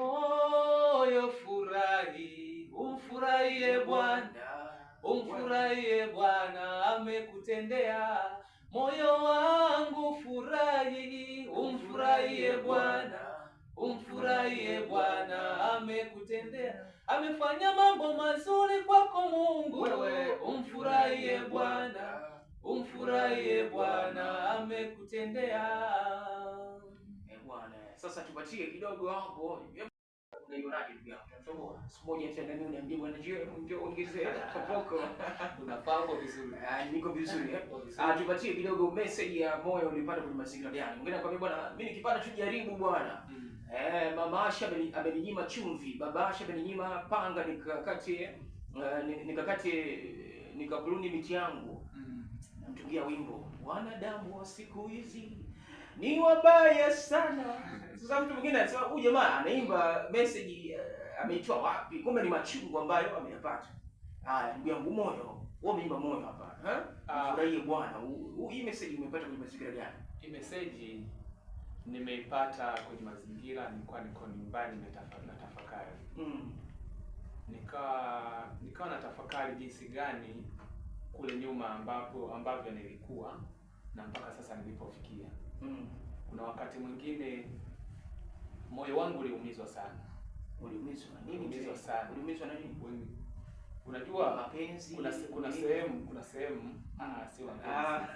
moyo furahi, umfurahie Bwana, umfurahie Bwana amekutendea. Moyo wangu furahi, umfurahie Bwana, umfurahie Bwana amekutendea. Amefanya mambo mazuri kwako Mungu, wewe umfurahie Bwana, umfurahie Bwana amekutendea sasa tupatie kidogo hapo. Niko vizuri. Ah, tupatie kidogo message ya moyo ulipata kwenye mazingira gani? Mwingine bwana, mimi nikipata tu jaribu bwana. Mm. Eh, mama Asha ameninyima chumvi, baba Asha panga nikakati eh, nikakati nikaburuni miti yangu. Mm. Namtungia wimbo. Wanadamu wa siku hizi ni wabaya sana. Sasa mtu mwingine anasema huyu jamaa anaimba message uh, ameitoa wapi? Kumbe ni machungu ambayo ameyapata. Haya, ndugu yangu moyo, wewe umeimba moyo hapa. Ha? Eh? Furahie Bwana. Hii message umepata kwenye mazingira gani? Hii message nimeipata kwenye mazingira, nilikuwa niko nyumbani natafakari. Mm. Nikawa nikawa natafakari jinsi gani kule nyuma ambapo ambavyo nilikuwa na mpaka sasa nilipofikia. Mm. Kuna wakati mwingine moyo wangu uliumizwa sana. Uliumizwa nini? Uliumizwa sana. Uliumizwa na nini? Uli. Unajua mapenzi kuna kuna sehemu kuna sehemu ah si wangu. Ah.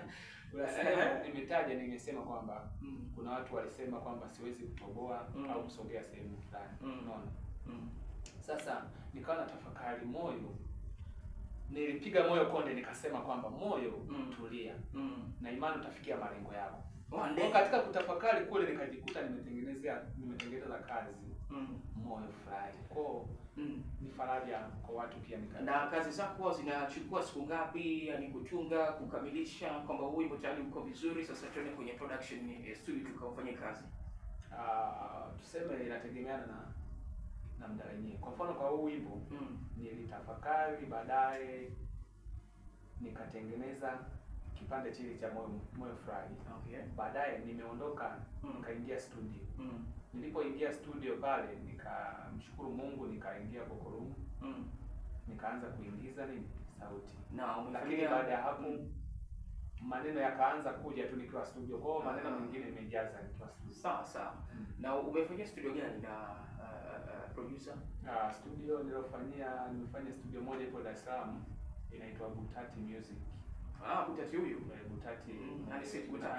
Kuna eh, sehemu eh. nimetaja nimesema kwamba mm. kuna watu walisema kwamba siwezi kutoboa mm. au kusogea sehemu fulani. Mm. Unaona? Mm. Sasa nikawa na tafakari moyo nilipiga moyo konde nikasema kwamba moyo mm. tulia mm. na imani utafikia malengo yako. Kwa katika kutafakari kule nikajikuta nimetengenezea nimetengeneza kazi mm. moyo furahi kwao mm. ni faraja kwa watu pia Na kazi zako zinachukua siku ngapi, yani kuchunga, kukamilisha kwamba huu wimbo tayari uko vizuri, sasa tuende kwenye production eh, studio tukafanye kazi? Uh, tuseme inategemeana na namna yenyewe. Kwa mfano kwa huu wimbo mm. nilitafakari, baadaye nikatengeneza kipande chile cha moyo moyo furahi. Okay. Baadaye nimeondoka mm. nikaingia studio mm. nilipoingia studio pale nikamshukuru Mungu, nikaingia kokorumu mm. nikaanza kuingiza nini sauti na lakini baada ya hapo mm maneno yakaanza kuja tu nikiwa studio kwao, maneno ah. mengine nimejaza nikiwa studio. Sawa sawa. Mm. Na umefanyia studio gani na Uh, producer? Uh, studio nilofanyia nimefanya studio moja ipo Dar es Salaam inaitwa Butati Music. Ah, Butati huyu? Eh, Butati. Mm. Nani si Butati?